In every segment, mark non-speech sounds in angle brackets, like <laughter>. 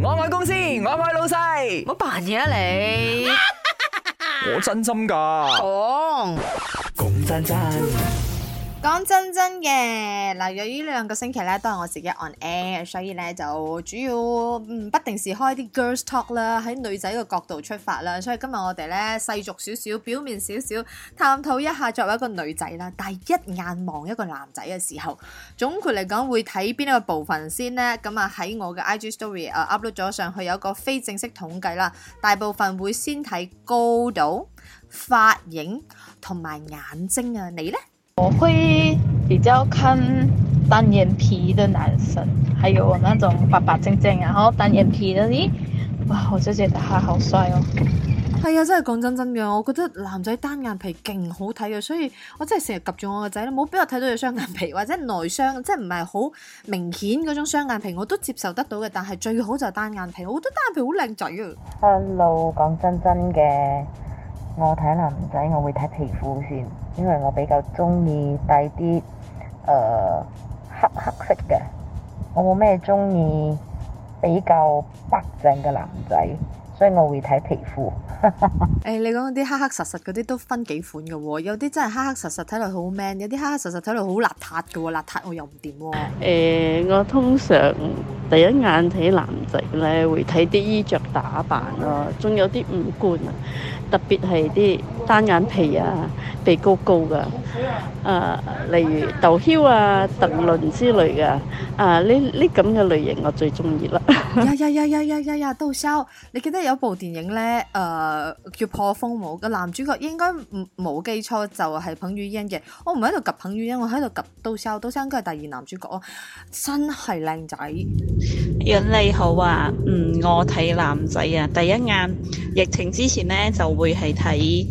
我買公司，我買老細，我扮嘢啊你！ <laughs> 我真心噶，講講真真。講真真嘅嗱，由於呢兩個星期咧，都係我自己 on air，所以咧就主要嗯不定時開啲 girls talk 啦，喺女仔嘅角度出發啦。所以今日我哋咧細俗少少，表面少少探討一下，作為一個女仔啦，但係一眼望一個男仔嘅時候，總括嚟講會睇邊一個部分先呢？咁啊喺我嘅 IG story 啊 upload 咗上去，有一個非正式統計啦，大部分會先睇高度、髮型同埋眼睛啊。你呢？我會比較看單眼皮的男生，還有那種白白淨淨，然後單眼皮的，咦，哇，我就覺得佢好帥哦！係啊、哎，真係講真真嘅，我覺得男仔單眼皮勁好睇嘅，所以我真係成日及住我個仔咯，冇必要睇到有雙眼皮或者內雙，即係唔係好明顯嗰種雙眼皮我都接受得到嘅，但係最好就係單眼皮，我覺得單眼皮好靚仔啊！Hello，講真真嘅，我睇男仔我會睇皮膚先。因為我比較鍾意帶啲誒黑黑色嘅，我冇咩鍾意比較白淨嘅男仔。所以我會睇皮膚。誒 <laughs> ，hey, 你講啲黑黑實實嗰啲都分幾款嘅喎。哦，有啲真係黑黑實實睇落好 man，有啲黑黑實實睇落好邋遢嘅喎，邋遢我又唔掂喎。Hey, 我通常第一眼睇男仔咧，會睇啲衣着打扮咯，啊，仲有啲五官啊，特別係啲單眼皮啊、鼻高高嘅，啊，例如鄧超啊、鄧倫之類嘅，啊，呢呢咁嘅類型我最中意啦。呀呀呀呀呀呀呀，鄧超，你記得？有一部電影咧，誒、呃、叫《破風舞》嘅男主角應該冇記錯就係彭于晏嘅。我唔喺度及彭于晏，我喺度及到聲刀聲，佢係第二男主角啊，真係靚仔。楊你好啊，嗯，我睇男仔啊，第一眼疫情之前呢，就會係睇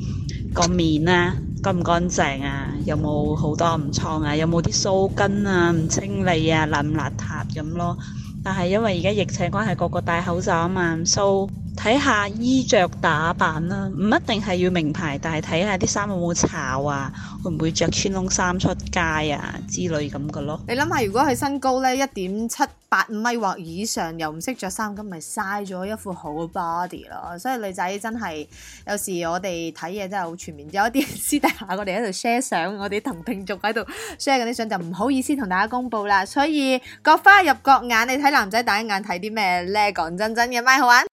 個面啊，乾唔乾淨啊，有冇好多暗瘡啊，有冇啲鬚根啊，唔清理啊，邋唔邋遢咁咯。但係因為而家疫情關係，個個戴口罩啊嘛，睇下衣着打扮啦，唔一定係要名牌，但係睇下啲衫有冇巢啊，會唔會着穿窿衫出街啊之類咁嘅咯。你諗下，如果佢身高咧一點七八五米或以上，又唔識着衫，咁咪嘥咗一副好 body 咯。所以女仔真係有時我哋睇嘢真係好全面。有一啲私底下我哋喺度 share 相，我哋同聽眾喺度 share 嗰啲相，相就唔好意思同大家公佈啦。所以各花入各眼，你睇男仔第一眼睇啲咩咧？講真真嘅，咪好玩。